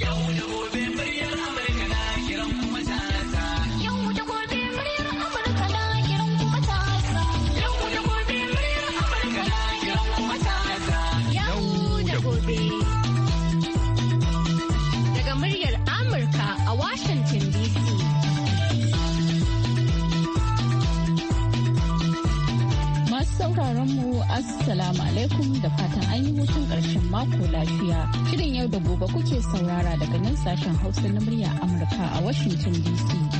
Yo. Assalamu alaikum da fatan an yi hutun ƙarshen mako lafiya. Shirin yau da gobe kuke saurara daga nan sashen Hausa na murya Amurka a Washington DC.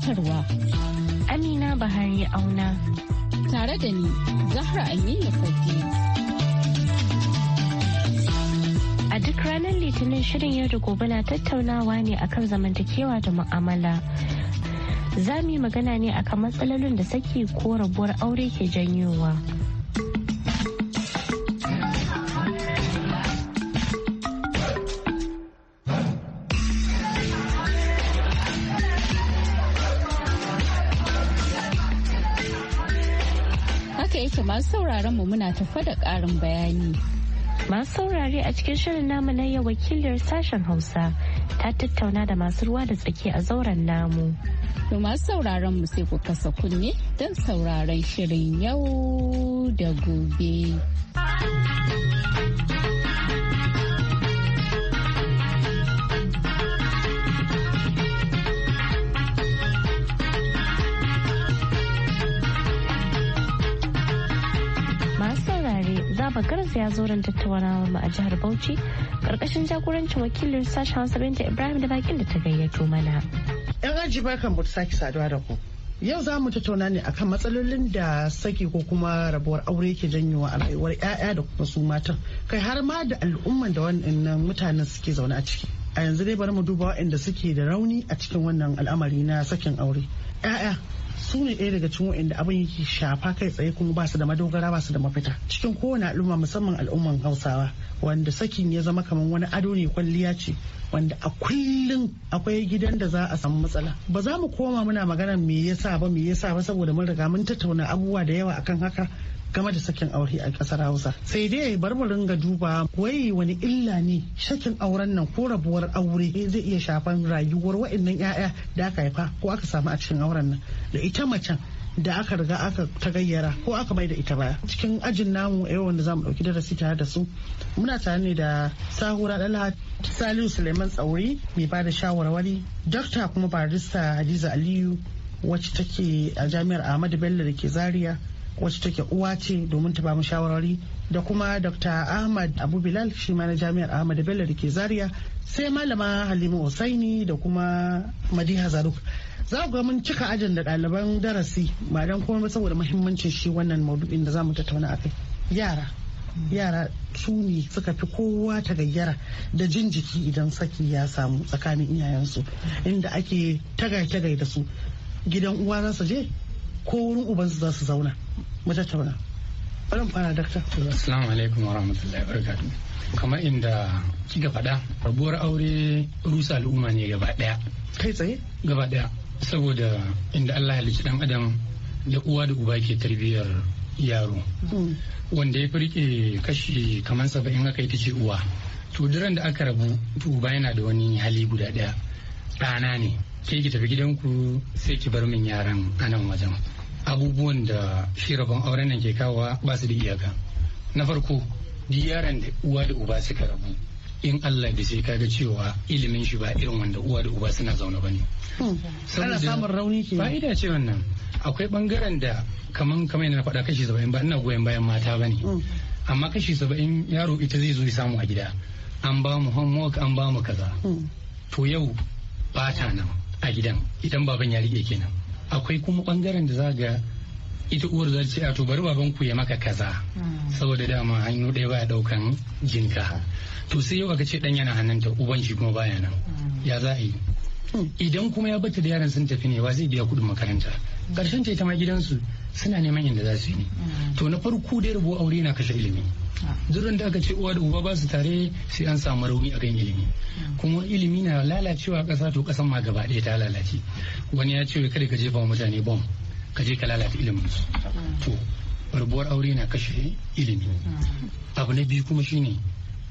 gabatarwa Amina Bahari Auna. Tare da ni, Zahra Aminu Fadli. A duk ranar Litinin shirin yau da gobe na tattaunawa ne akan zamantakewa da mu'amala. Za mu yi magana ne akan matsalolin da saki ko rabuwar aure ke janyowa. masu sauraron mu muna tafa da ƙarin bayani. Masu saurare a cikin shirin namu na yau wakiliyar sashen Hausa ta tattauna da masu ruwa da tsaki a zauren namu. To masu sauraron mu sai ku kasa kunne don sauraron shirin yau da gobe. Muhammad ya zo ran tattaunawa mu a jihar Bauchi karkashin jagorancin wakilin sashen Hausa Binta Ibrahim da bakin da ta gayyato mana. Yan aji barkan mu saki saduwa da ku. Yau za mu tattauna ne akan matsalolin da saki ko kuma rabuwar aure ke janyowa a rayuwar 'ya'ya da kuma su matan kai har ma da al'umman da wannan mutanen suke zaune a ciki. A yanzu dai bari mu duba waɗanda suke da rauni a cikin wannan al'amari na sakin aure. 'Ya'ya su ne ɗaya daga cikin wa'anda abin yake shafa kai tsaye kuma ba su da madogara ba su da mafita cikin kowane al'umma musamman al'umman hausawa wanda sakin ya zama kamar wani ado ne kwalliya ce wanda a kullum akwai gidan da za a samu matsala ba za mu koma muna magana me yasa ba me yasa ba saboda mun riga mun tattauna abubuwa da yawa akan haka game da sakin aure a kasar hausa sai dai bar mu ringa duba wai wani illa ne sakin auren nan ko rabuwar aure zai iya shafan rayuwar waɗannan 'ya'ya da aka haifa ko aka samu a cikin auren nan da ita macen da aka riga aka tagayyara ko aka mai da ita baya cikin ajin namu yau wanda zamu dauki darasi tare da su muna tare ne da sahura dala salihu suleiman tsauri mai ba da shawarwari dokta kuma barista hadiza aliyu wacce take a jami'ar ahmadu bello da ke zaria wacce take uwa ce domin ta bamu shawarwari da kuma dr ahmad abu bilal shi ma na jami'ar ahmad bello da ke zaria sai malama halima usaini da kuma madiha zaruk za ga mun cika ajin da ɗaliban darasi ba don kuma saboda muhimmancin shi wannan maudu'in da za mu tattauna a kai yara yara su ne suka fi kowa ta gayyara da jin jiki idan saki ya samu tsakanin iyayensu inda ake tagai-tagai da su gidan uwa za su je ko wurin ubansu za su zauna mu tattauna bari mu fara dakta assalamu alaikum wa rahmatullahi wa kamar inda kika faɗa rabuwar aure rusa al'umma ne gaba ɗaya kai tsaye gaba ɗaya saboda inda Allah halicci dan adam da uwa da uba ke tarbiyyar yaro hmm. wanda ya firke kashi kamar saba'in aka ita ce uwa to duran da aka rabu to uba yana da wani hali guda ɗaya ɗana ne ke ki tafi gidanku sai ki bar min yaran anan wajen abubuwan da shi rabon auren nan ke kawowa ba su da iyaka na farko duk yaron da uwa da uba suka rabu in Allah da sai kaga cewa ilimin shi ba irin wanda uwa da uba suna zaune ba ne. Hmm. Ana samun rauni ke. Fa'ida ce wannan akwai bangaren da kaman kamar yana faɗa kashi saba'in ba ina goyon bayan mata ba ne. Hmm. Amma kashi saba'in yaro ita zai zo ya samu a gida. An ba mu homework an ba mu kaza. Hmm. To yau ba ta nan a gidan idan baban ya rike kenan. akwai kuma bangaren da za ga ita uwar za ce a tubar babanku ya maka kaza hmm. saboda dama hannu ɗaya baya ɗaukan jinka to sai yau aka ce dan yana hannunta uban shi kuma baya nan hmm. ya za a yi hmm. idan kuma ya bata da yaran sun tafi ne wa zai biya kuɗin makaranta karshen ta ita ma gidansu suna neman yadda za su yi to na farko dai rabuwar aure na kashe ilimi zurin da aka ce uwa da uba ba su tare sai an samu rauni a kan ilimi kuma ilimi na lalacewa kasa to ƙasan ma gaba ɗaya ta lalace wani ya ce kada ka jefa mutane bom ka je ka lalata ilimin su to rabuwar aure na kashe ilimi abu na biyu kuma shine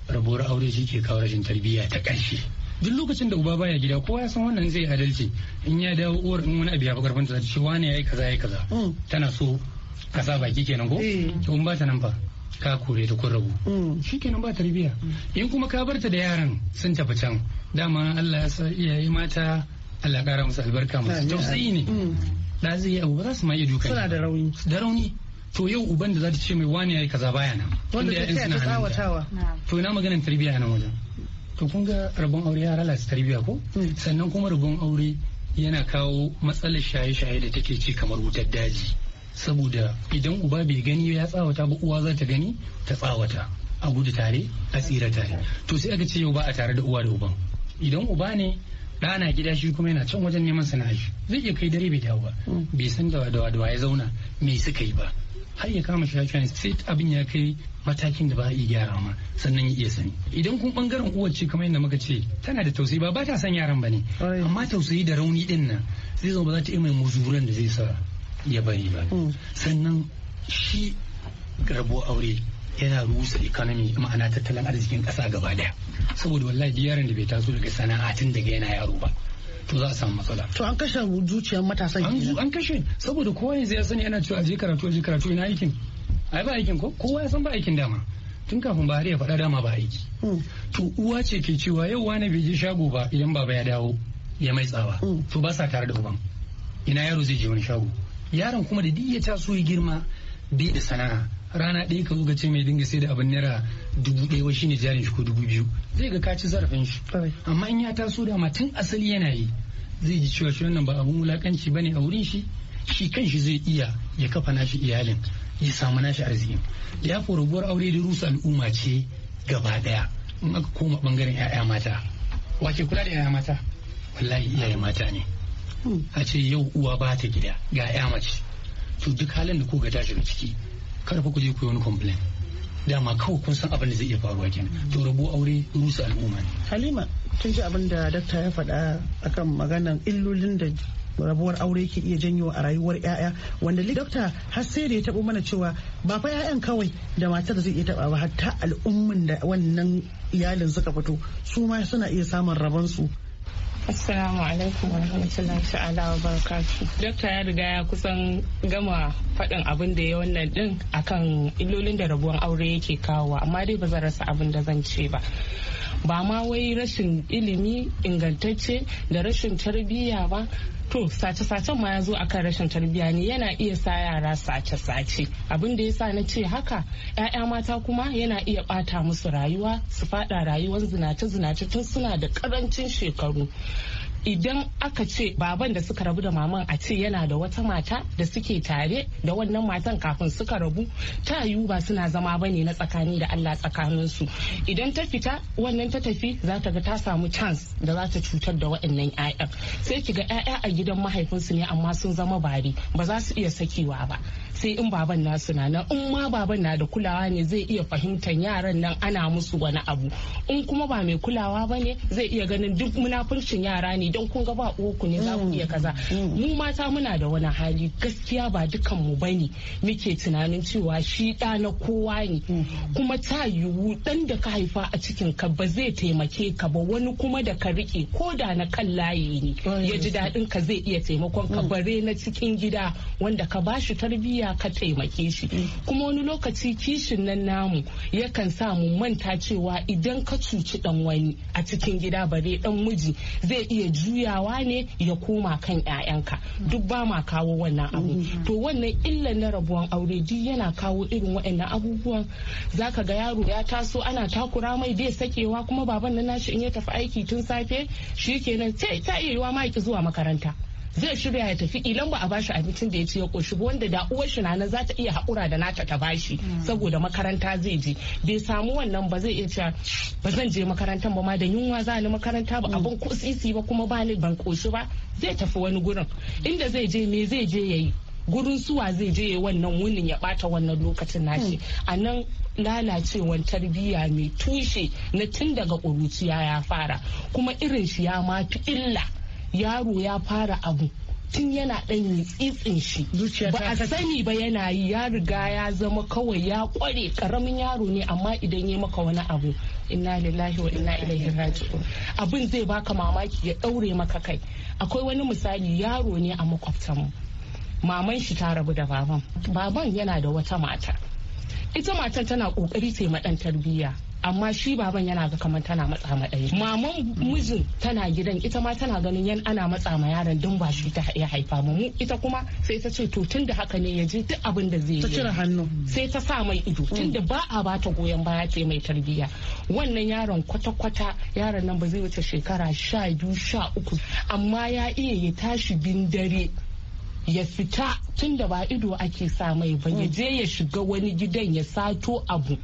rabuwar aure shi ke kawo rashin tarbiyya ta ƙarshe duk lokacin da uba baya gida kowa ya san wannan zai adalci in ya dawo uwar in wani abu ya fi karfin ta ce wani ya yi kaza ya yi kaza mm. tana so kasa baki kenan ko eh. to in ba ta nan fa ka kore da kun rabu mm. nan ba tarbiyya mm. in kuma ka barta da yaran sun tafi can dama Allah ya sa iyaye mata Allah kara musu albarka musu tausayi ne mm. da zai yi abu ba za su ma iya dukan. suna da rauni da rauni to yau uban da za ta ce mai wani yi kaza baya nan wanda ya suna tsawatawa to ina maganin tarbiyya nan wajen to kun ga rabon aure ya rala su tarbiyya ko sannan kuma rabon aure yana kawo matsalar shaye-shaye da take ci kamar wutar daji saboda idan uba bai gani ya tsawata ba uwa za ta gani ta tsawata a gudu tare a tsira tare to sai aka ce yau ba a tare da uwa da uban idan uba ne na gida shi kuma yana can wajen neman sana'a zai iya kai dare bai dawo ba hmm. bai san da wadawa ya zauna me suka yi ba har ya kama ne sai abin ya kai matakin da ba a iya gyara ma sannan ya iya sani idan kun bangaren uwar ce kamar yadda muka ce tana da tausayi ba ba ta san yaran ba ne amma tausayi da rauni din nan zai zama ba za ta iya mai muzuran da zai sa ya bari ba mm. sannan shi rabo aure yana rusa economy ma'ana tattalin arzikin kasa gaba daya saboda wallahi yaron da bai taso daga sana'a tun daga yana yaro ba to za a samu matsala. To an kashe zuciyar matasan kenan. An kashe saboda kowa yanzu ya sani yana cewa je karatu aje karatu ina aikin. Ai ba aikin ko kowa ya san ba aikin dama. Tun kafin ba ya faɗa dama ba aiki. Mm. To uwa ce ke cewa yau wani bai je shago ba idan baba ya dawo ya mai tsawa. Mm. To ba sa tare da uban. Ina yaro zai je wani shago. yaron kuma da duk ya taso ya girma bai da sana'a rana ɗaya ka zo ka ce mai dinga sai da abin naira dubu ɗaya wa shine jarin shi ko dubu biyu zai ga kaci zarafin shi amma in ya taso da tun asali yana yi zai ji cewa shi wannan ba abun wulakanci ne a wurin shi shi kan shi zai iya ya kafa nashi iyalin ya samu nashi arziki ya raguwar aure da rusa al'umma ce gaba ɗaya in aka koma bangaren 'ya'ya mata wake kula da 'ya'ya mata wallahi iyaye mata ne a ce yau uwa ba ta gida ga ya mace to duk halin da ko ga tashi da ciki kar fa ku je ku yi wani complain dama kawai kun san abin da zai iya faruwa kenan to rabu aure rusa al'umma ne halima kin ji abin da dakta ya faɗa akan maganan illolin da rabuwar aure ke iya janyo a rayuwar 'ya'ya wanda dokta har sai da ya tabo mana cewa ba fa 'ya'yan kawai da matar zai iya taɓa ba hatta al'umman da wannan iyalin suka fito su ma suna iya samun rabon su Assalamu alaikum warahmatullahi ta'ala wa barakatu. Dokta ya riga ya kusan gama faɗin abin da ya wannan ɗin akan illolin da rabuwar aure yake kawo amma dai ba zan rasa abin da zan ce ba. Ba ma wai rashin ilimi ingantacce da rashin tarbiyya ba to sace-sacen ma ya zo akan rashin tarbiyya ne yana iya sa yara sace-sace abin da sa na ce haka 'ya'ya mata kuma yana iya ɓata musu rayuwa su faɗa rayuwar zinace-zinace tun suna da karancin shekaru idan aka ce baban da suka rabu da maman a ce yana da wata mata da suke tare da wannan matan kafin suka rabu ta yiwu ba suna zama ba ne na tsakani da Allah tsakaninsu idan ta fita wannan ta tafi za ta ga ta samu chance da za ta cutar da waɗannan 'ya'yan sai ki ga 'ya'ya a gidan mahaifinsu ne amma sun zama bari ba za su iya sakewa ba sai in baban nasu na nan in ma baban na da kulawa ne zai iya fahimtar yaran nan ana musu wani abu in kuma ba mai kulawa ba ne zai iya ganin duk munafurcin yara ne don kun ga ba uku ne za ku mm. iya kaza mm. mu mata muna da wani hali gaskiya ba dukan mu bane muke tunanin cewa shi da na kowa ne mm. kuma ta yiwu dan da ka haifa a cikin ka ba zai taimake ka ba wani kuma da ka rike ko da na kan layi ne ya ji daɗin ka zai iya taimakon ka bare na cikin gida wanda ka bashi tarbiyya Allah ka taimake shi kuma wani lokaci kishin nan namu yakan sa mu manta cewa idan ka cuci dan wani a cikin gida bare dan miji zai iya juyawa ne ya koma kan 'ya'yanka duk ba ma kawo wannan abu mm-hmm. to wannan illan na rabuwan aure duk yana kawo irin waɗannan abubuwan zaka ga yaro ya taso ana takura mai bai sakewa kuma baban nan nashi in ya tafi aiki tun safe shi kenan sai ta iya yiwa ma ki zuwa makaranta zai shirya ya tafi idan ba a bashi abincin da ya ci ya koshi ba wanda da uwar shi nana za ta iya haƙura da nata ta bashi saboda makaranta zai je bai samu wannan ba zai iya cewa ba zan je makarantar ba ma da yunwa za ni makaranta ba abin ko sisi ba kuma ba ni ban koshi ba zai tafi wani gurin inda zai je me zai je yayi gurin suwa zai je wannan wunin ya bata wannan lokacin nashi a nan lalacewar tarbiyya mai tushe na tun daga ƙuruciya ya fara kuma irin shi ya mafi illa yaro ya fara abu tun yana ɗan tsitsin shi ba a sani ba yana yi ya riga ya zama kawai ya kware karamin yaro ne amma idan ya maka wani abu inna lillahi wa inna ilaihi raji'un abin zai baka mamaki ya ɗaure maka kai akwai wani misali yaro ne a makwabtanmu maman shi ta rabu da baban baban yana da wata mata ita matan tana kokari ta ma tarbiyya amma shi baban yana ga kamar tana matsa ma ɗaya maman mijin tana gidan ita ma tana ganin yan ana matsa ma yaron don ba shi ta ya haifa mu mu ita kuma sai ta ce to tunda haka ne ya je duk abin da zai yi ta cire hannu sai ta sa mai ido tunda ba a ba ta goyon baya ce mai tarbiyya wannan yaron kwata-kwata yaron nan ba zai wuce shekara sha biyu sha uku amma ya iya ya tashi bin dare ya fita tun da ba ido ake sa mai ba ya je ya shiga wani gidan ya sato abu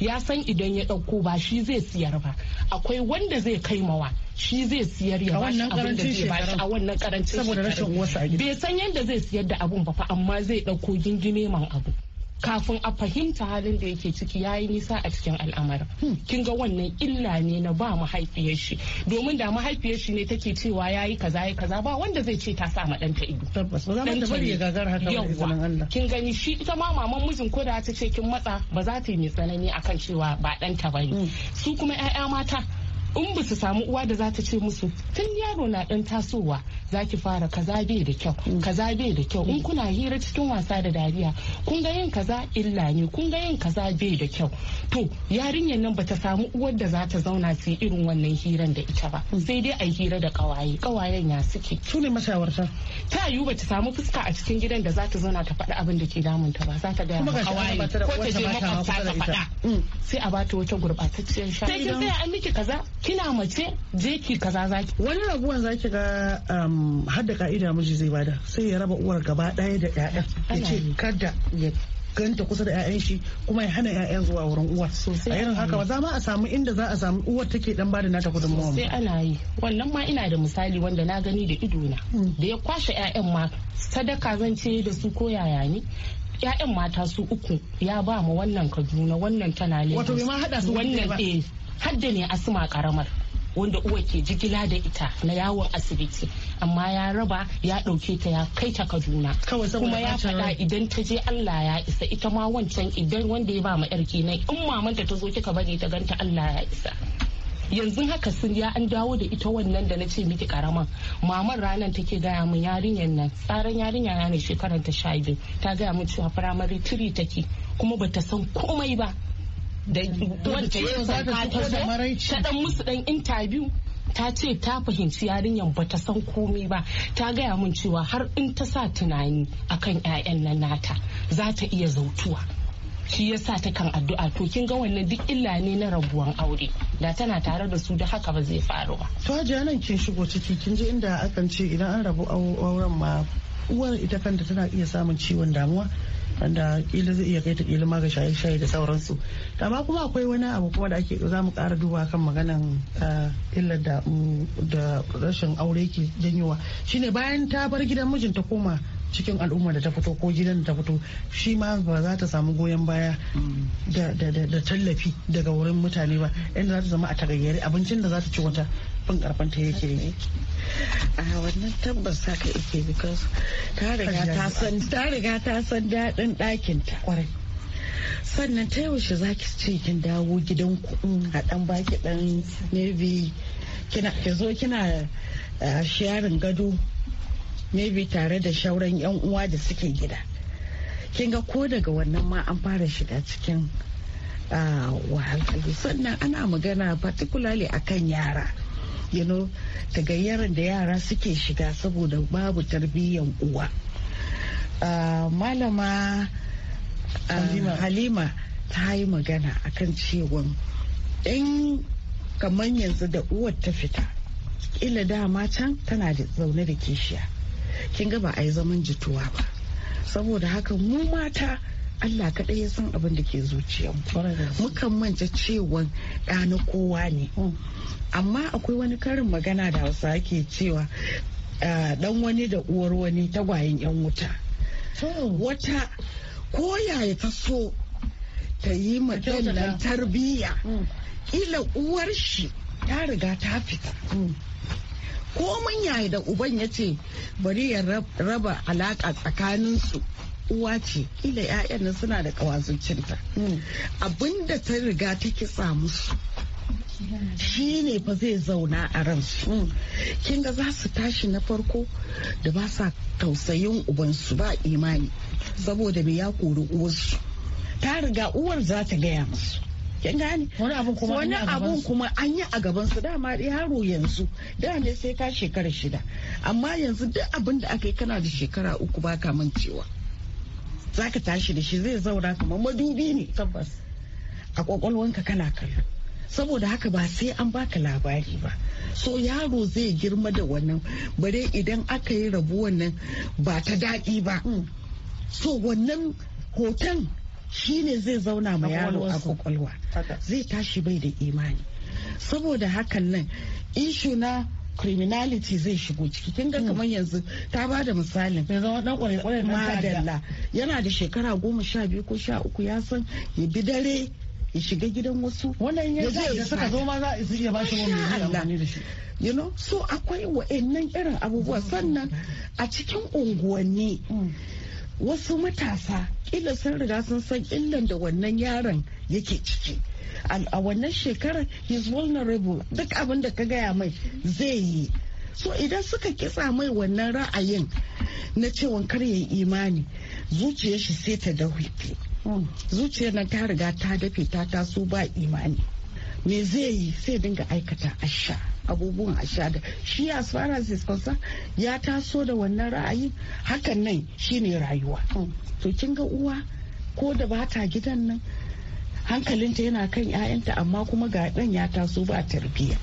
ya san idan ya ɗauko ba shi zai siyar ba akwai wanda zai kai mawa shi zai siyar ya bashi abin da zai a wannan karancin saboda bai san yadda zai siyar da abun ba fa amma zai ɗauko gingime man abu kafin a fahimta halin da yake ciki ya yi nisa a cikin al'amarin hmm. kin ga wannan illa ne na ba mahaifiyar shi domin da mahaifiyar shi ne take cewa ya yi kaza ya kaza ba wanda zai ce ta sa ma ɗanta ido tabbas ba za mu ya gagara haka ba Allah kin gani shi ita ma maman mijin ko da ta ce kin matsa ba za ta yi mai tsanani akan cewa ba ɗanta ba ne hmm. su kuma 'ya'ya mata in ba su samu uwa da za ta ce musu tun yaro na dan tasowa za ki fara kaza bai da kyau kaza bai da kyau in kuna hira cikin wasa da dariya kun ga yin kaza illa ne kun ga yin kaza bai da kyau to yarinyar nan bata samu uwar da za ta zauna su yi irin wannan hiran da ita ba sai dai a hira da kawaye kawayen ya suke su ne mashawarta ta yiwu bata samu fuska a cikin gidan da za ta zauna ta faɗa abin da ke damunta ba za ta gaya ma kawaye ko ta je makwabta ta faɗa sai a bata wata gurɓatacciyar shayi sai an miki kaza kina mace je ki kaza zaki wani rabuwan zaki ga um, har da ka'ida miji zai bada sai ya raba uwar gaba daya da ya'yan ya ce kada ya ganta kusa da 'ya'yan shi kuma ya hana 'ya'yan zuwa wurin uwa a irin haka ba za ma a samu inda za a samu uwar take dan bada nata kudin mawa sai ana yi wannan ma ina da misali wanda na gani da ido na hmm. da ya kwashe 'ya'yan ma sadaka zan ce da su ko yaya ne ya'yan mata su uku ya ba mu wannan kaduna wannan tana lagos wato bai ma hada su wannan eh hadda ne asma karamar wanda uwa ke jigila da ita na yawon asibiti amma ya raba ya dauke ta ya kai ta kaduna kuma ya faɗa idan ta je allah ya isa ita ma wancan idan wanda ya ba ma yarki in mamanta ta zo kika bari ta ganta allah ya isa yanzu haka sun ya an dawo da ita wannan da na ce miki karaman maman ranar take gaya min yarinyar nan tsarin yarinya na ne shekarar ta sha biyu ta gaya min cewa firamare tiri take kuma bata san komai ba da wanda ya ta dan musu dan interview ta ce ta fahimci yarinyar ba ta san komai ba ta gaya min cewa har in ta sa tunani akan ƴaƴan nan nata za ta iya zautuwa shi ya sa ta kan addu'a to kin ga wannan duk illa ne na rabuwan aure da tana tare da su da haka ba zai faru ba to nan kin shigo ciki kin ji inda akan ce idan an rabu auren ma uwar ita kanta tana iya samun ciwon damuwa wanda kila zai iya kai ta kila maga shaye-shaye da sauransu amma kuma akwai wani abu kuma da ake za mu kara duba kan maganan eh, illa mm, da rashin aure ke janyowa shine bayan ta bar gidan mijinta koma cikin al'umma da ta fito ko gidan da ta fito shi ma ba za ta samu goyon baya mm. da tallafi daga wurin mutane ba inda za ta zama a tagayyare abincin da za ta ci wata fin karfin ta yake ne a wannan tabbas haka yake because ta riga ta san ta riga ta san daɗin ɗakin ta kwarai sannan ta yaushe za ki ce kin dawo gidanku a dan baki dan maybe kina ki zo kina sharing gado maybe tare da shauran yan uwa da suke gida kin ga ko daga wannan ma an fara shiga cikin wahalhalu sannan ana magana particularly akan yara you know yaron da yara suke shiga saboda babu tarbiyyan uwa ah, malama ah, halima ta yi magana akan cewa in kamar yanzu da uwar ta fita ila da can tana da zaune da kishiya kin ga ba a yi zaman jituwa ba saboda haka mu mata Allah kaɗai ya san abin da ke zuciyar mukan manta cewa ɗa na kowa ne hmm. amma akwai wani karin magana da hausa ke cewa dan ah, wani da uwar wani tagwayen yan wuta wata ko yaya ta so ta yi madannan tarbiyya hmm. Ila uwar shi ta riga ta fita hmm. ko mun da uban ya ce bari ya raba alaƙa tsakaninsu uwa ce kila 'ya'yan nan suna da ƙawazucinta hmm. abinda ta riga ta kitsa musu shi ne fa zai zauna a ransu hmm. kin ga za su tashi na farko da ba sa tausayin ubansu ba imani saboda me ya kori uwarsu ta riga uwar za ta gaya musu kin gane wani abun kuma an yi a gabansu. su dama yaro yanzu da ne sai ka shekara shida amma yanzu duk abin da aka yi kana da shekara uku ba ka mancewa za ka tashi da shi zai zauna kamar madubi ne tabbas a kwakwalwanka kana kallo saboda haka ba sai an baka labari ba so yaro zai girma da wannan bare idan aka yi rabu wannan ba ta daɗi ba mm. so wannan hoton shine zai zauna ma yaro a kwakwalwa zai tashi bai da imani saboda hakan nan ishuna. criminality zai shigo ciki kin ga mm. kamar yanzu ta ba da misalin madalla yana da shekara goma sha biyu ko sha uku ya san ya bi dare ya shiga gidan wasu wannan ya zai ya saka zo ma za a iya ba shi wani amfani da shi you know so akwai wa'annan irin abubuwa mm. sannan a cikin unguwanni mm. wasu matasa kila sun riga sun san illan da wannan yaron yake ciki a wannan shekarar is vulnerable duk abin da ka gaya mai zai yi so idan suka kitsa mai wannan ra'ayin na cewon karye imani zuciyar shi sai ta dahuke hmm. zuciyar nan ta riga ta dafe ta taso ba imani me zai yi sai dinga aikata asha abubuwan asha da shi as far as is ya taso da wannan ra'ayin hakan nan shine rayuwa hmm. to kin ga uwa ko da bata gidan nan hankalinta yana kan 'ya'yanta amma kuma ga ɗan ya taso ba tarbiyya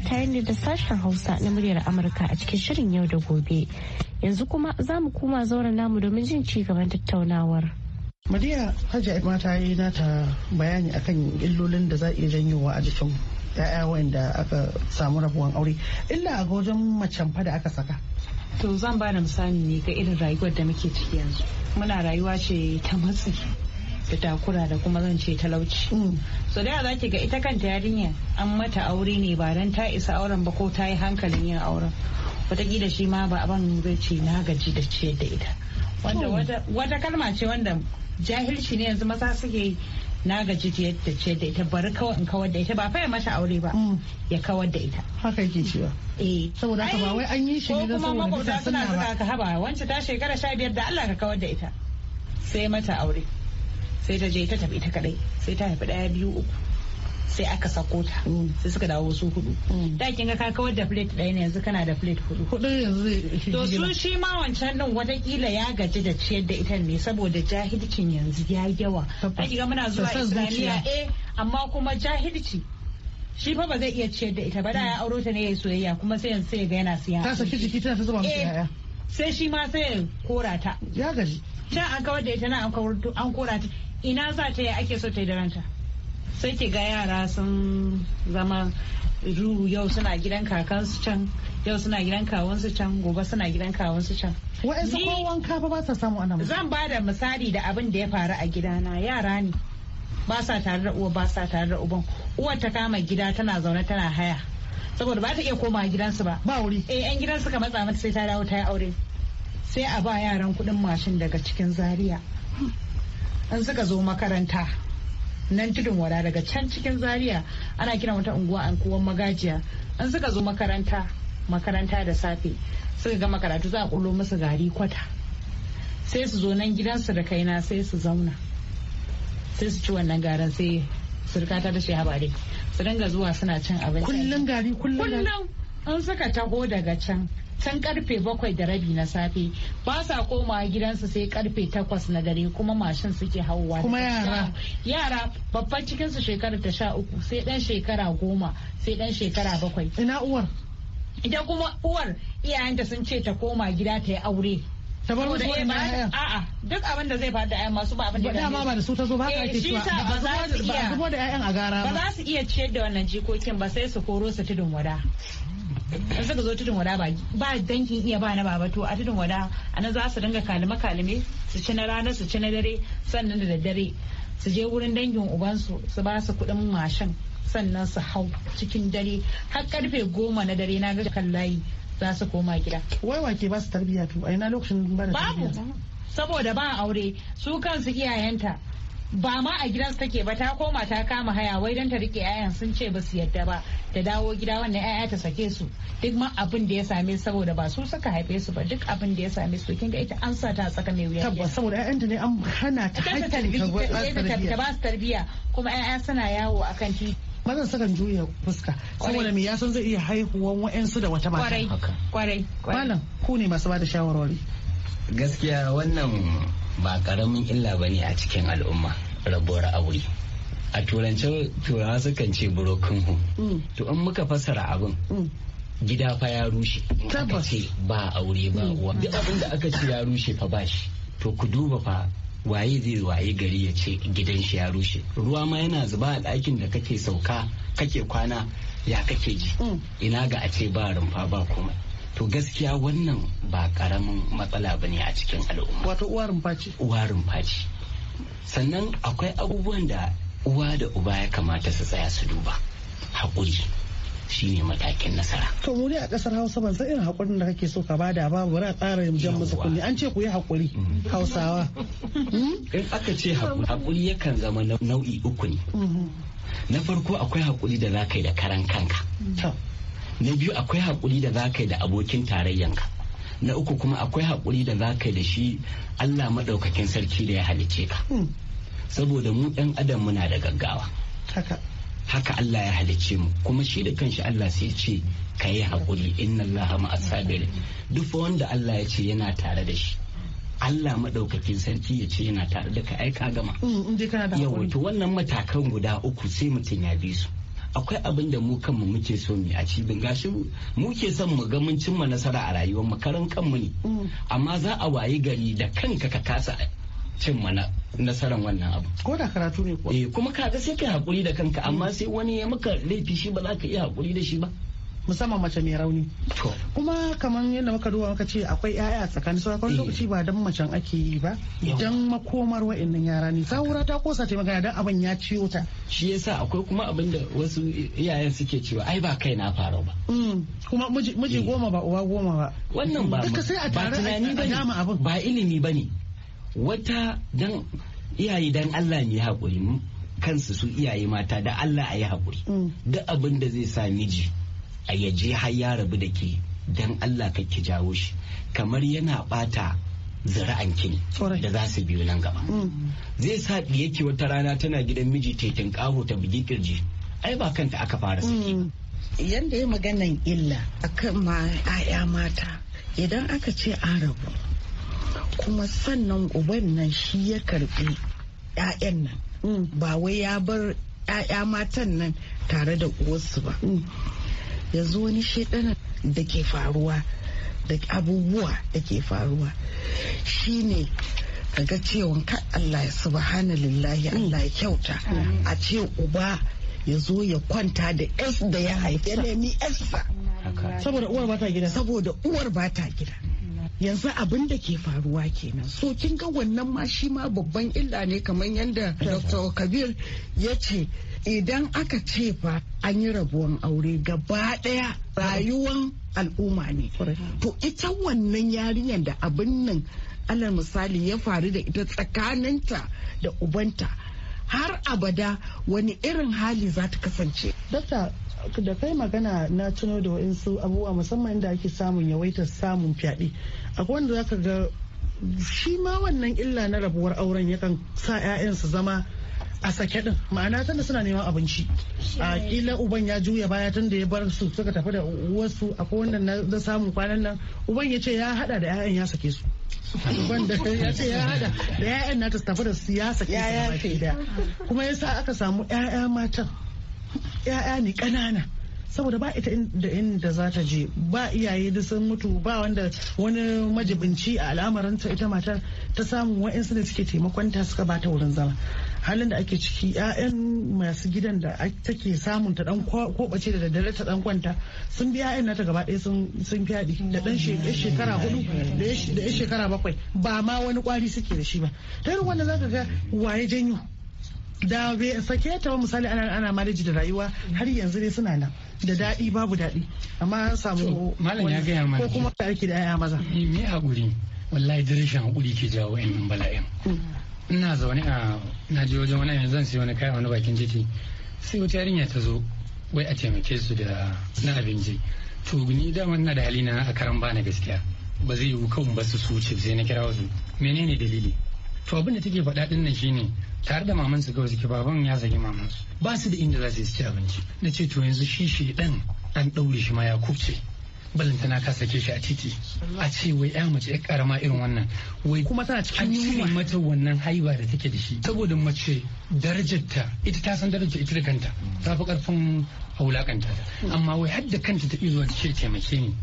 tare ne da sashen Hausa na muryar Amurka a cikin shirin yau da gobe. Yanzu kuma za mu koma zauren namu domin jin ci gaban tattaunawar. Madiya Hajji Aima ta yi nata bayani akan illolin da za iya janyowa a jikin ya'ya wanda aka samu rabuwan aure illa a wajen macen fa da aka saka. To zan bada misali ne ga irin rayuwar da muke ciki yanzu. Muna rayuwa ce ta matsi da takura da kuma zan ce talauci mm. so da za ki ga ita kanta yarinya an mata aure ne ba dan ta isa auren ba ko ta yi hankalin yin auren wataƙila shi ma ba abin zai ce na gaji da ce da ita wanda mm. wata kalma ce wanda jahilci ne yanzu maza suke na gaji da ce da ita bari kawai in kawar da ita ba fa ya mata aure ba mm. ya kawar da ita haka ke cewa eh saboda haka ba wai an yi shi ne da saboda makwabta suna saka ka haba wancan ta shekara sha biyar da Allah ka kawar da ita sai mata aure sai ta je ta tafi ita kadai sai ta haifi daya biyu uku sai aka sako ta mm. sai suka dawo su hudu mm. da kin ga ka kawar da plate daya ne yanzu kana da plate hudu hudu yanzu to sun shi ma wancan din watakila ya gaji da ciyar da ita ne saboda jahilcin yanzu ya yawa ai ga muna zuwa islamiya eh amma kuma jahilci shi fa ba zai iya ciyar da ita ba da ya mm. auro ta ne ya soyayya kuma sai yanzu sai ga yana siya ta saki jiki tana ta zuba musu sai shi ma sai ya kora ta ya gaji can an kawar da ita na an kora ta ina za ta yi ake so ta yi da ranta sai ke ga yara sun zama ru yau suna gidan kakansu can yau suna gidan kawansu can gobe suna gidan kawansu can wa'ansu ko wanka ba ba sa samu anan zan ba da misali da abin da ya faru a gidana yara ne ba sa tare da uwa ba sa tare da uban uwar ta kama gida tana zaune tana haya saboda ba ta iya koma gidansu ba ba wuri eh yan gidansu ka matsa mata sai ta dawo ta yi aure sai a ba yaran kuɗin mashin daga cikin zaria in suka zo makaranta nan tudun wada daga can cikin zaria ana kiran wata unguwa an kuwan magajiya in suka zo makaranta makaranta da safe suka gama karatu za a kulo musu gari kwata sai su zo nan gidansu da kaina sai su zauna sai su ci wannan garin sai surka ta da haba dai su dinga zuwa suna cin abinci kullum gari kullum an suka taho daga can can karfe bakwai da rabi na safe ba sa komawa gidansu sai karfe takwas na dare kuma mashin suke hauwa kuma yara yara babban cikinsu shekara ta sha uku sai dan shekara goma sai dan shekara bakwai ina uwar ita kuma uwar iyayenta sun ce ta koma gida ta yi aure ta bar musu wannan ayan a'a duk abin da zai faru da 'ya'yan masu ba abin da ya dama ba da su ta zo ba ka eh, ake cewa ba za su iya zubo da 'ya'yan a gara ba za su iya ciyar da wannan jikokin ba sai su koro su tudun wada in suka zo tudun wada ba ba dangin iya ba na baba to a tudun wada a nan za su dinga kalime kalime su ci na rana su ci na dare sannan da daddare su je wurin dangin ubansu su ba su kuɗin mashin sannan su hau cikin dare har karfe goma na dare na ga kan layi za su koma gida wai wake ba su tarbiya to a ina lokacin ba da babu saboda ba aure su kansu iyayenta ba ma a gidan su take ba ta koma ta kama haya wai don ta rike yayan sun ce ba su yadda ba ta dawo gida wannan yaya ta sake su duk ma abin da ya same saboda ba su suka haife su ba duk abin da ya same su kin ita an sa ta tsaka mai wuya tabbas saboda ƴaƴanta ne an hana ta haƙƙin ta ba su tarbiya kuma yaya suna yawo akan titi mazan sukan juya fuska saboda me ya san zai iya haihuwan wa'ansu da wata mata kwarai kwarai ku ne masu bada shawarwari gaskiya wannan ba karamin illa bane a cikin al'umma rabuwar aure a turance turawa sukan ce broken home mm. to in muka fassara abin mm. gida fa ya rushe ba aure ba mm. uwa duk abin da aka ce ya rushe fa ba shi to ku duba fa waye zai waye gari ya ce gidan shi ya rushe ruwa ma yana zuba a ɗakin da kake sauka kake kwana ya kake ji mm. ina ga a ce ba rumfa ba komai to gaskiya wannan ba karamin matsala ba ne a cikin al'umma wato uwa rumfa ce uwa rumfa ce sannan akwai abubuwan da uwa da uba ya kamata su tsaya su duba haƙuri shine matakin nasara to mu a kasar Hausa ban san irin hakurin da kake so ka bada ba bari a ƙara jan musu kunni an ce ku yi hakuri mm. Hausawa hmm? in aka ce hakuri hakuri yakan zama nau'i uku ne mm-hmm. na farko akwai hakuri da za da karan kanka na biyu akwai hakuri da za da abokin tarayyanka na uku kuma akwai hakuri da zakai da shi Allah maɗaukakin sarki da ya halicce ka mm. saboda mu ɗan adam muna da gaggawa haka Allah ya halicce mu kuma shi da kanshi Allah sai ce ka yi haƙuri inna Allah ma'as sabirin duk wanda Allah ya ce yana tare da shi Allah maɗaukakin sarki ya ce yana tare da ka aika gama. Mm, yau to wannan matakan guda uku sai mutum ya bi su. Akwai abin da mu kanmu muke so mu a cibin gashi mu ke son mu ga mun cimma nasara a rayuwar mu karan kanmu ne. Mm. Amma za a wayi gari da kanka ka kasa cin mana nasarar wannan abu. Ko da karatu ne kuwa. Eh kuma kaga sai kai hakuri da kanka amma sai wani ya maka laifi shi ba za ka iya hakuri da shi ba. musamman mace mai rauni. Kuma kamar yadda muka duba muka ce akwai 'ya'ya tsakanin su akwai eh. lokaci ba dan macen ake yi ba dan makomar wa'annan yara ne. Sahura ta kosa ta magana dan abin ya ciyo ta. Shi yasa akwai kuma abin da wasu iyayen suke cewa ai ba kai na fara ba. Mm, kuma miji eh. goma ba uwa goma ba. Wannan ba ba tunani ba ne ba ilimi ba ne. wata dan iyaye dan Allah ne hakuri kansu su iyaye mata da Allah ayi hakuri. haƙuri mm. duk abin da zai sa miji a yaje har ya rabu da ke dan Allah ka ki jawo shi kamar yana bata zira'anki ne da za su biyo nan gaba mm. zai sa yake wata rana tana gidan miji tekin kaho ta bugi kirji ai ba kanta aka fara saki mm. yanda ya maganan illa akan ma 'ya'ya mata idan aka ce an rabu kuma sannan uban nan shi ya karbi 'ya'yan nan mm. ba wai ya bar 'ya'ya matan nan tare da uwarsu ba mm. ya zo wani shaidana da ke faruwa da abubuwa da ke faruwa shi ne daga cewa ka Allah ya subhana lillahi mm. Allah ya kyauta a ce uba ya zo ya kwanta da es da ya haifa ya nemi esa saboda uwar ba gida saboda uwar ba ta gida yanzu abin da ke faruwa kenan so kin ga wannan ma shi ma babban illa ne kamar yadda dr kabir ya ce idan aka ce fa an yi rabuwan aure gaba daya rayuwan al'umma ne to ita wannan yarinyar da abin nan alal misali ya faru da ita tsakaninta da ubanta har abada wani irin hali za ta kasance. Dokta da kai magana na tuno da wa'insu abubuwa musamman inda ake samun yawaitar samun fyaɗe. Akwai wanda za ka ga shi ma wannan illa na rabuwar auren yakan sa 'ya'yan su zama a sake din ma'ana tunda suna neman abinci a kila uban ya juya baya tunda ya bar su suka tafi da wasu akwai wannan na samun kwanan nan uban ya ce ya hada da 'ya'yan ya sake su wanda ya ce ya hada da ya'yan nata tafi da siyasa ke baki da kuma yasa aka samu ya'ya matan ya'ya ne kanana saboda ba ita da inda za ta je ba iyaye da sun mutu ba wanda wani majibinci a al'amarinta ita mata ta samu wa'insu da suke taimakon ta suka bata wurin zama halin da ake ciki 'ya'yan masu gidan da take samun ta dan kobace da daddare ta dan kwanta sun bi 'ya'yan nata gaba ɗaya sun fyaɗe da dan shekara hudu da ya shekara bakwai ba ma wani kwari suke da shi ba ta irin wanda zaka ga waye janyo da bai sake ta ba misali ana ana da rayuwa har yanzu ne suna nan da daɗi babu daɗi amma samu ko kuma da ake da 'ya'ya maza me wallahi da rashin hakuri ke jawo 'yan bala'in hmm. ina zaune a naji wani yanzu zan siyo wani kai wani bakin titi sai wata yarinya ta zo wai a taimake su da na abinci to ni da wannan da halina a karan bana gaskiya ba zai yiwu kawun ba su suce sai na kira wasu menene dalili to abin da take faɗa ɗin nan shine tare da maman su kawai suke baban ya zagi maman su ba su da inda za su yi ci abinci na ce to yanzu shi shi ɗan an ɗaure shi ma ya kufce balantana ka sake shi a titi a ce wai ya mace ya karama irin wannan wai kuma tana cikin yunwa mata wannan haiba da take da shi saboda mace darajarta ita ta san darajar ita da kanta ta fi karfin wulakanta amma wai har da kanta ta izuwa ce taimake ni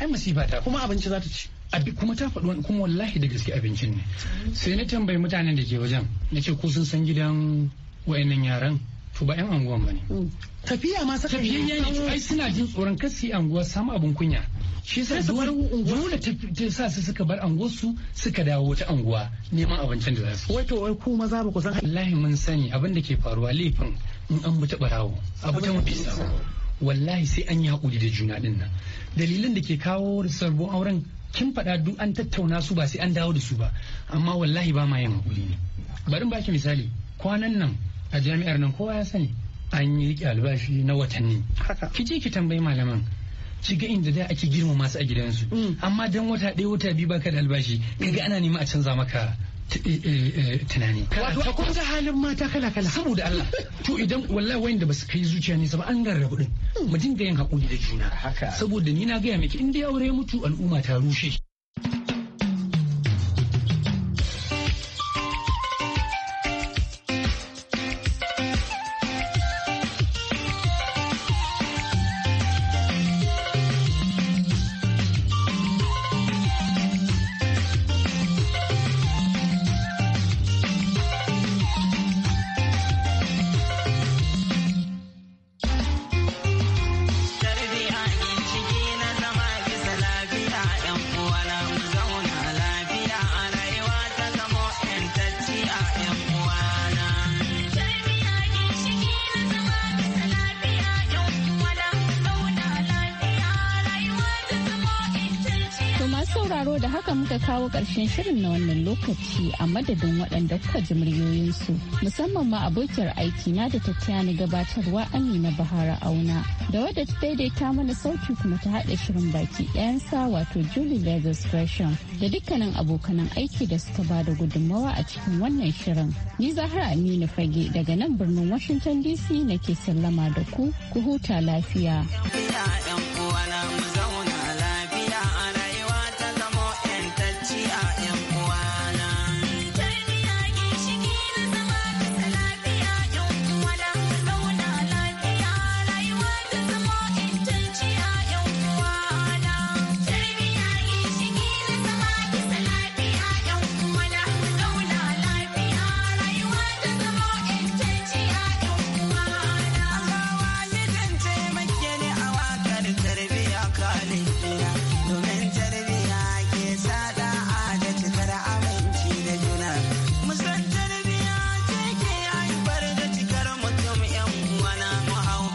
ai masifa ta kuma abinci za ta ci abi kuma ta faɗi kuma wallahi da gaske abincin ne sai na tambayi mutanen da ke wajen na ce ko sun san gidan wayannan yaran to ba 'yan anguwan ba ne. Mm. Tafiya ma saka tafiya ne ai suna jin tsoron kasi anguwa samu abin kunya. Shi bar dole ta sa su suka bar anguwar su suka dawo wata anguwa neman abincin da za su. Wato wai ku maza ba ku san wallahi mun sani abin da ke faruwa laifin in an mutu barawo abu ta mafi wallahi sai an yi hakuri da juna din nan Dalilin da ke kawo sarbon auren kin faɗa duk an tattauna su ba sai an dawo da su ba amma wallahi ba ma yin hakuri ne bari in baki misali kwanan nan a jami'ar nan kowa ya sani an yi albashi na watanni ki je ki tambayi malaman shiga inda da ake girma masu a gidansu mm. amma dan wata ɗaya wata biyu baka da albashi kaga ana nema a canza maka eh, eh, eh, tunani wato a kunga halin mata kala kala saboda Allah to idan wallahi wayanda basu kai zuciya ne ba an garra kudin mm. mu dinga yin hakuri da juna saboda ni na gaya miki in ya aure mutu al'umma ta rushe karshen shirin na wannan lokaci a madadin waɗanda kuka ji muryoyinsu musamman ma abokiyar aiki na da ni gabatarwa amina bahara auna da wadda ta daidaita mana sauki kuma ta haɗa shirin baki ɗayansa wato julie lagos gresham da dukkanin abokanan aiki da suka ba da gudunmawa a cikin wannan shirin ni zahra amina fage daga nan birnin washington dc nake sallama da ku ku huta lafiya.